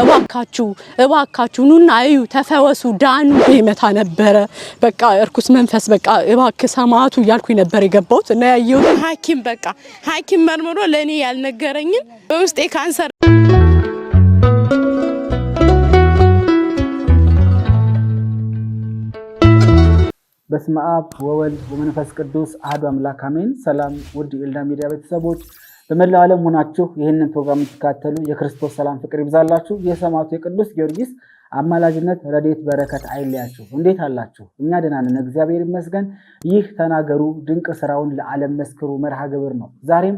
እባካችሁ እባካችሁ ኑና እዩ፣ ተፈወሱ፣ ዳኑ ይመታ ነበረ። በቃ እርኩስ መንፈስ በቃ እባክ ሰማዕቱ እያልኩኝ ነበር የገባሁት እና ያየሁት ሐኪም በቃ ሐኪም መርምሮ ለእኔ ያልነገረኝን በውስጤ ካንሰር በስመ አብ ወወልድ ወመንፈስ ቅዱስ አዶ አምላክ አሜን። ሰላም ውድ የኤልዳ ሚዲያ ቤተሰቦች በመላው ዓለም ሆናችሁ ይህንን ፕሮግራም የምትከታተሉ የክርስቶስ ሰላም ፍቅር ይብዛላችሁ። የሰማዕቱ የቅዱስ ጊዮርጊስ አማላጅነት ረድኤት በረከት አይለያችሁ። እንዴት አላችሁ? እኛ ደህና ነን፣ እግዚአብሔር ይመስገን። ይህ ተናገሩ ድንቅ ስራውን ለዓለም መስክሩ መርሃ ግብር ነው። ዛሬም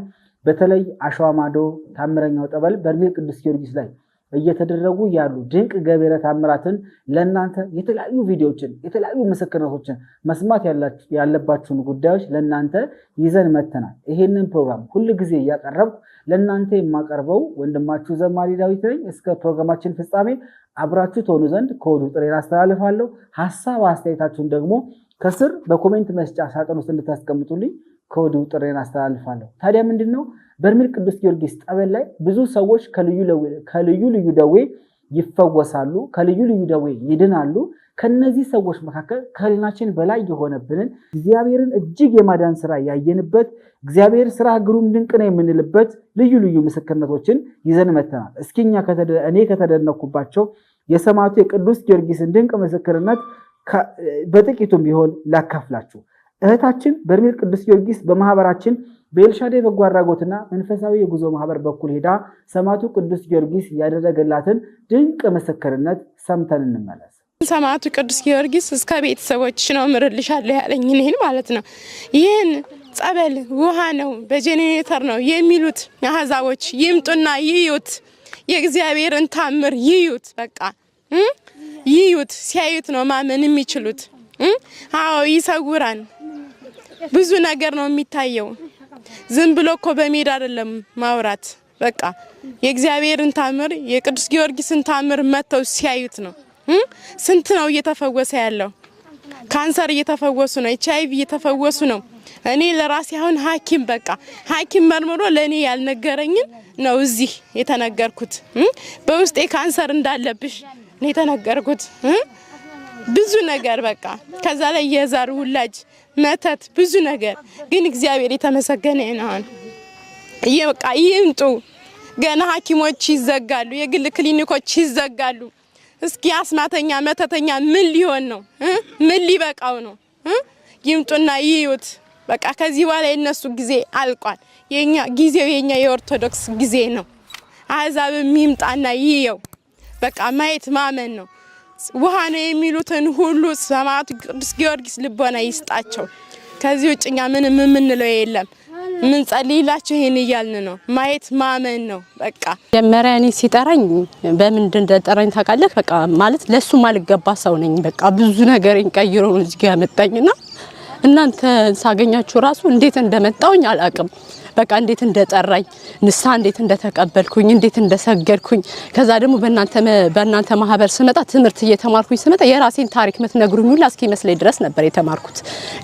በተለይ አሸዋ ማዶ ታምረኛው ጠበል በርሜል ቅዱስ ጊዮርጊስ ላይ እየተደረጉ ያሉ ድንቅ ገቢረ ታምራትን ለእናንተ የተለያዩ ቪዲዮዎችን የተለያዩ ምስክርነቶችን መስማት ያለባችሁን ጉዳዮች ለእናንተ ይዘን መተናል። ይሄንን ፕሮግራም ሁል ጊዜ እያቀረብኩ ለእናንተ የማቀርበው ወንድማችሁ ዘማሪ ዳዊት ነኝ። እስከ ፕሮግራማችን ፍጻሜ አብራችሁ ትሆኑ ዘንድ ከወዱ ጥሬን አስተላልፋለሁ። ሀሳብ አስተያየታችሁን ደግሞ ከስር በኮሜንት መስጫ ሳጥን ውስጥ እንድታስቀምጡልኝ ከወዲሁ ጥሬን አስተላልፋለሁ። ታዲያ ምንድን ነው በርሜል ቅዱስ ጊዮርጊስ ጠበል ላይ ብዙ ሰዎች ከልዩ ልዩ ደዌ ይፈወሳሉ፣ ከልዩ ልዩ ደዌ ይድናሉ። ከነዚህ ሰዎች መካከል ከህሊናችን በላይ የሆነብንን እግዚአብሔርን እጅግ የማዳን ስራ ያየንበት እግዚአብሔር ስራ ግሩም ድንቅ ነው የምንልበት ልዩ ልዩ ምስክርነቶችን ይዘን መተናል። እስኪ እኔ ከተደነኩባቸው የሰማዕቱ የቅዱስ ጊዮርጊስን ድንቅ ምስክርነት በጥቂቱም ቢሆን ላካፍላችሁ። እህታችን በርሜል ቅዱስ ጊዮርጊስ በማህበራችን በኤልሻዴ በጎ አድራጎትና መንፈሳዊ የጉዞ ማህበር በኩል ሄዳ ሰማዕቱ ቅዱስ ጊዮርጊስ ያደረገላትን ድንቅ ምስክርነት ሰምተን እንመለስ። ሰማዕቱ ቅዱስ ጊዮርጊስ እስከ ቤተሰቦች ነው ምርልሻለሁ ያለኝ ይህን ማለት ነው። ይህን ጸበል ውሃ ነው በጄኔሬተር ነው የሚሉት አህዛቦች ይምጡና ይዩት፣ የእግዚአብሔርን ታምር ይዩት፣ በቃ ይዩት። ሲያዩት ነው ማመን የሚችሉት። አዎ ይሰውራን ብዙ ነገር ነው የሚታየው። ዝም ብሎ እኮ በሜዳ አይደለም ማውራት። በቃ የእግዚአብሔርን ታምር የቅዱስ ጊዮርጊስን ታምር መጥተው ሲያዩት ነው። ስንት ነው እየተፈወሰ ያለው? ካንሰር እየተፈወሱ ነው። ኤች አይቪ እየተፈወሱ ነው። እኔ ለራሴ አሁን ሐኪም በቃ ሐኪም መርምሮ ለእኔ ያልነገረኝን ነው እዚህ የተነገርኩት። በውስጤ ካንሰር እንዳለብሽ ነው የተነገርኩት። ብዙ ነገር በቃ ከዛ ላይ የዛር ውላጅ መተት፣ ብዙ ነገር ግን እግዚአብሔር የተመሰገነ ይሁን። በቃ ይምጡ። ገና ሐኪሞች ይዘጋሉ፣ የግል ክሊኒኮች ይዘጋሉ። እስኪ አስማተኛ መተተኛ ምን ሊሆን ነው? ምን ሊበቃው ነው? ይምጡና ይዩት። በቃ ከዚህ በኋላ የነሱ ጊዜ አልቋል። የኛ ጊዜው የኛ የኦርቶዶክስ ጊዜ ነው። አህዛብም ይምጣና ይየው። በቃ ማየት ማመን ነው። ውሃ ነው የሚሉትን ሁሉ ሰማዕቱ ቅዱስ ጊዮርጊስ ልቦና ይስጣቸው። ከዚህ ውጭ እኛ ምንም የምንለው የለም። ምን ጸልይላቸው ይሄን እያልን ነው። ማየት ማመን ነው። በቃ መጀመሪያ እኔ ሲጠራኝ በምንድን እንደጠራኝ ታውቃለህ? በቃ ማለት ለሱ ማልገባ ሰው ነኝ። በቃ ብዙ ነገር ቀይሮ ነው እዚህ ያመጣኝና እናንተ ሳገኛችሁ ራሱ እንዴት እንደመጣውኝ አላውቅም። በቃ እንዴት እንደጠራኝ ንሳ እንዴት እንደተቀበልኩኝ እንዴት እንደሰገድኩኝ ከዛ ደግሞ በእናንተ ማህበር ስመጣ ትምህርት እየተማርኩኝ ስመጣ የራሴን ታሪክ ምትነግሩኝ ሁላ እስኪመስለኝ ድረስ ነበር የተማርኩት።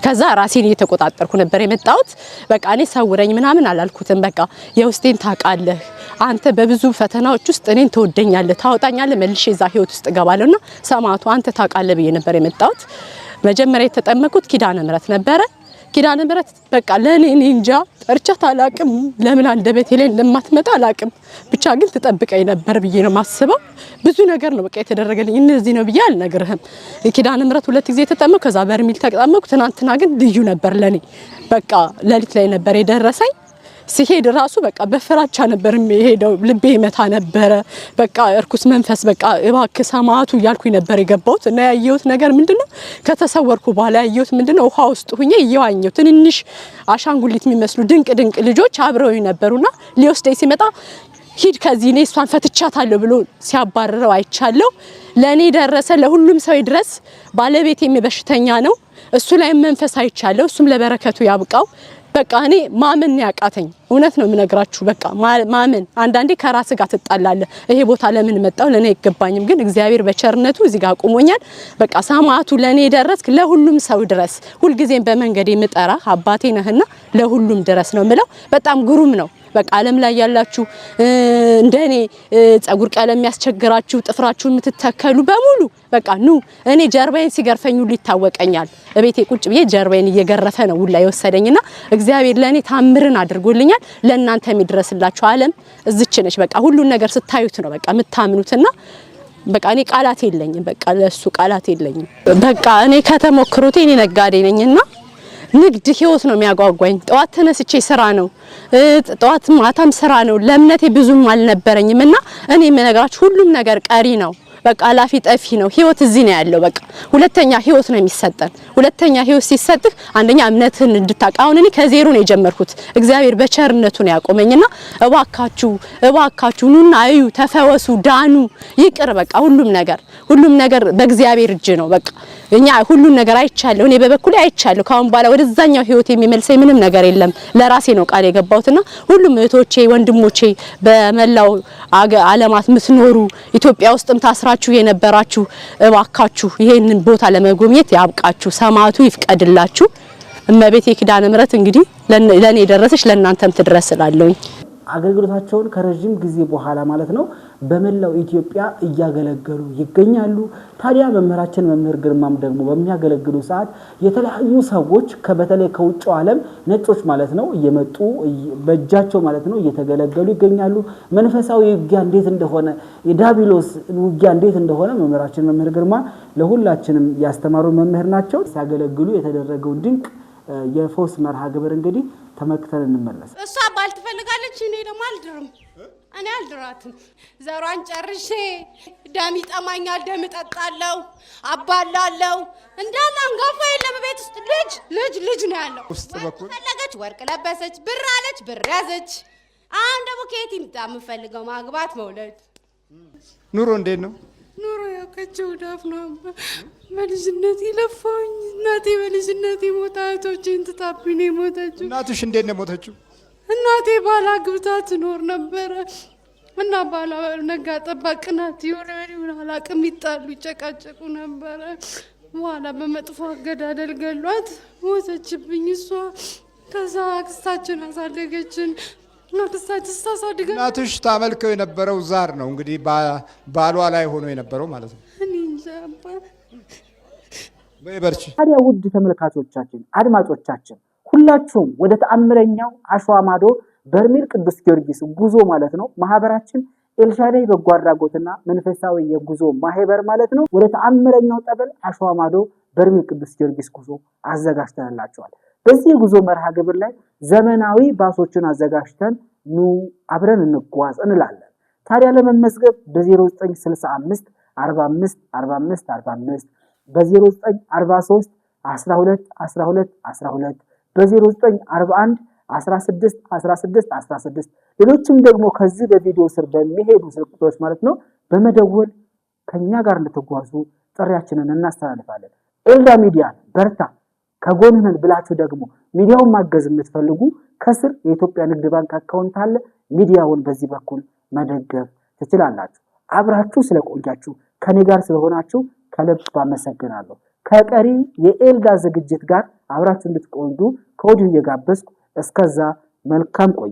ከዛ ራሴን እየተቆጣጠርኩ ነበር የመጣሁት። በቃ እኔ ሰውረኝ ምናምን አላልኩትም። በቃ የውስጤን ታውቃለህ አንተ በብዙ ፈተናዎች ውስጥ እኔን ትወደኛለህ፣ ታወጣኛለህ፣ መልሼ እዛ ህይወት ውስጥ ና ሰማዕቱ አንተ ታውቃለህ ብዬ ነበር የመጣሁት። መጀመሪያ የተጠመኩት ኪዳነ ምሕረት ነበረ። ኪዳነ ምሕረት በቃ ለእኔ እኔ እንጃ ጠርቻት አላቅም። ለምን አንደበቴ ላይ እንደማትመጣ አላቅም። ብቻ ግን ትጠብቀኝ ነበር ብዬ ነው ማስበው። ብዙ ነገር ነው በቃ የተደረገልኝ። እነዚህ ነው ብዬ አልነግርህም። ኪዳን ምሕረት ሁለት ጊዜ ተጠመኩ፣ ከዛ በርሚል ተጠመኩ። ትናንትና ግን ልዩ ነበር ለኔ። በቃ ሌሊት ላይ ነበር የደረሰኝ ሲሄድ ራሱ በቃ በፍራቻ ነበር የሚሄደው። ልቤ ይመታ ነበረ። በቃ እርኩስ መንፈስ በቃ እባክህ ሰማዕቱ እያልኩ ነበር የገባሁት እና ያየሁት ነገር ምንድነው ከተሰወርኩ በኋላ ያየሁት ምንድነው ውሃ ውስጥ ሁኜ እየዋኘው ትንንሽ አሻንጉሊት የሚመስሉ ድንቅ ድንቅ ልጆች አብረው ነበሩና ሊወስደኝ ሲመጣ ሂድ ከዚህ እኔ እሷን ፈትቻታለሁ ብሎ ሲያባረረው አይቻለሁ። ለእኔ ደረሰ፣ ለሁሉም ሰው ድረስ። ባለቤት የሚበሽተኛ ነው። እሱ ላይ መንፈስ አይቻለሁ። እሱም ለበረከቱ ያብቃው። በቃ እኔ ማመን ያቃተኝ እውነት ነው የምነግራችሁ። በቃ ማመን አንዳንዴ ከራስ ጋር ትጣላለህ። ይሄ ቦታ ለምን መጣው ለእኔ አይገባኝም፣ ግን እግዚአብሔር በቸርነቱ እዚህ ጋር አቁሞኛል። በቃ ሰማዕቱ ለእኔ ደረስክ፣ ለሁሉም ሰው ድረስ። ሁልጊዜም በመንገድ የምጠራ አባቴ ነህና ለሁሉም ድረስ ነው ምለው። በጣም ግሩም ነው። በቃ ዓለም ላይ ያላችሁ እንደኔ ጸጉር ቀለም ያስቸግራችሁ ጥፍራችሁን የምትተከሉ በሙሉ በቃ ኑ። እኔ ጀርባዬን ሲገርፈኝ ሁሉ ይታወቀኛል። እቤቴ ቁጭ ብዬ ጀርባዬን እየገረፈ ነው ሁላ የወሰደኝና እግዚአብሔር ለእኔ ታምርን አድርጎልኛል። ለእናንተ የሚድረስላችሁ ዓለም እዝች ነች። በቃ ሁሉን ነገር ስታዩት ነው በቃ የምታምኑትና በቃ እኔ ቃላት የለኝም። በቃ ለሱ ቃላት የለኝም። በቃ እኔ ከተሞክሮቴ እኔ ነጋዴ ነኝና ንግድ ህይወት ነው የሚያጓጓኝ። ጠዋት ተነስቼ ስራ ነው፣ ጠዋት ማታም ስራ ነው። ለእምነቴ ብዙም አልነበረኝም እና እኔ የምነግራችሁ ሁሉም ነገር ቀሪ ነው። በቃ አላፊ ጠፊ ነው። ህይወት እዚህ ነው ያለው። በቃ ሁለተኛ ህይወት ነው የሚሰጠን። ሁለተኛ ህይወት ሲሰጥህ አንደኛ እምነትህን እንድታውቅ። አሁን እኔ ከዜሮ ነው የጀመርኩት። እግዚአብሔር በቸርነቱ ነው ያቆመኝና እባካችሁ እባካችሁ ኑና እዩ፣ ተፈወሱ፣ ዳኑ፣ ይቅር። በቃ ሁሉም ነገር ሁሉም ነገር በእግዚአብሔር እጅ ነው በቃ እኛ ሁሉን ነገር አይቻለሁ። እኔ በበኩሌ አይቻለሁ። ካሁን በኋላ ወደዛኛው ህይወት የሚመልሰኝ ምንም ነገር የለም። ለራሴ ነው ቃል የገባሁትና ሁሉም እህቶቼ፣ ወንድሞቼ በመላው ዓለማት ምትኖሩ ኢትዮጵያ ውስጥም ታስራችሁ የነበራችሁ እባካችሁ ይሄንን ቦታ ለመጎብኘት ያብቃችሁ፣ ሰማዕቱ ይፍቀድላችሁ። እመቤቴ ኪዳነ ምሕረት እንግዲህ ለኔ ደረሰች፣ ለእናንተም ትድረስላለሁኝ። አገልግሎታቸውን ከረዥም ጊዜ በኋላ ማለት ነው በመላው ኢትዮጵያ እያገለገሉ ይገኛሉ። ታዲያ መምህራችን መምህር ግርማም ደግሞ በሚያገለግሉ ሰዓት የተለያዩ ሰዎች በተለይ ከውጭው ዓለም ነጮች ማለት ነው እየመጡ በእጃቸው ማለት ነው እየተገለገሉ ይገኛሉ። መንፈሳዊ ውጊያ እንዴት እንደሆነ የዳቢሎስ ውጊያ እንዴት እንደሆነ መምህራችን መምህር ግርማ ለሁላችንም ያስተማሩ መምህር ናቸው። ሲያገለግሉ የተደረገውን ድንቅ የፎስ መርሃ ግብር እንግዲህ ተመክተን እንመለስ። እሷ ባል ትፈልጋለች፣ እኔ ደግሞ አልድርም። እኔ አልድራትም። ዘሯን ጨርሼ ደም ይጠማኛል፣ ደም እጠጣለሁ፣ አባላለሁ። እንዳለ አንጋፋ የለም ቤት ውስጥ ልጅ ልጅ ልጅ ነው ያለው። ውስጥ በኩል ፈለገች፣ ወርቅ ለበሰች፣ ብር አለች፣ ብር ያዘች። አሁን ደግሞ ከየት ይምጣ? የምፈልገው ማግባት፣ መውለድ። ኑሮ እንዴት ነው? ኑሮ ያውቀቸው ዳፍ ነው። በልጅነቴ ይለፋኝ እናቴ በልጅነት ሞታ እህቶቼን ትታብኝ ነው የሞተችው። እናትሽ እንዴት ነው የሞተችው? እናቴ ባላ ግብታ ትኖር ነበረ እና ባላ ነጋ ጠባቅ ናት። የሆነ ሆን አላቅም፣ ይጣሉ ይጨቃጨቁ ነበረ። በኋላ በመጥፎ አገዳደል ገሏት ሞተችብኝ እሷ። ከዛ አክስታችን አሳደገችን። እናትሽ ታመልከው የነበረው ዛር ነው እንግዲህ ባሏ ላይ ሆኖ የነበረው ማለት ነው። ታዲያ ውድ ተመልካቾቻችን፣ አድማጮቻችን ሁላችሁም ወደ ተአምረኛው አሸዋ ማዶ በርሜል ቅዱስ ጊዮርጊስ ጉዞ ማለት ነው ማህበራችን ኤልሻዳይ በጎ አድራጎትና መንፈሳዊ የጉዞ ማህበር ማለት ነው። ወደ ተአምረኛው ጠበል አሸዋ ማዶ በርሜል ቅዱስ ጊዮርጊስ ጉዞ አዘጋጅተንላቸዋል። በዚህ የጉዞ መርሃ ግብር ላይ ዘመናዊ ባሶችን አዘጋጅተን ኑ አብረን እንጓዝ እንላለን። ታዲያ ለመመዝገብ በ0965 45 45 45 በ0943 12 12 12 በ0941 16 16 16 ሌሎችም ደግሞ ከዚህ በቪዲዮ ስር በሚሄዱ ስልክ ቁጥሮች ማለት ነው በመደወል ከእኛ ጋር እንድትጓዙ ጥሪያችንን እናስተላልፋለን። ኤልዳ ሚዲያ በርታ ከጎን ብላችሁ ደግሞ ሚዲያውን ማገዝ የምትፈልጉ ከስር የኢትዮጵያ ንግድ ባንክ አካውንት አለ። ሚዲያውን በዚህ በኩል መደገፍ ትችላላችሁ። አብራችሁ ስለቆያችሁ ከኔ ጋር ስለሆናችሁ ከልብ አመሰግናለሁ። ከቀሪ የኤልዳ ዝግጅት ጋር አብራችሁ እንድትቆዩ ከወዲሁ እየጋበዝኩ እስከዛ መልካም ቆዩ።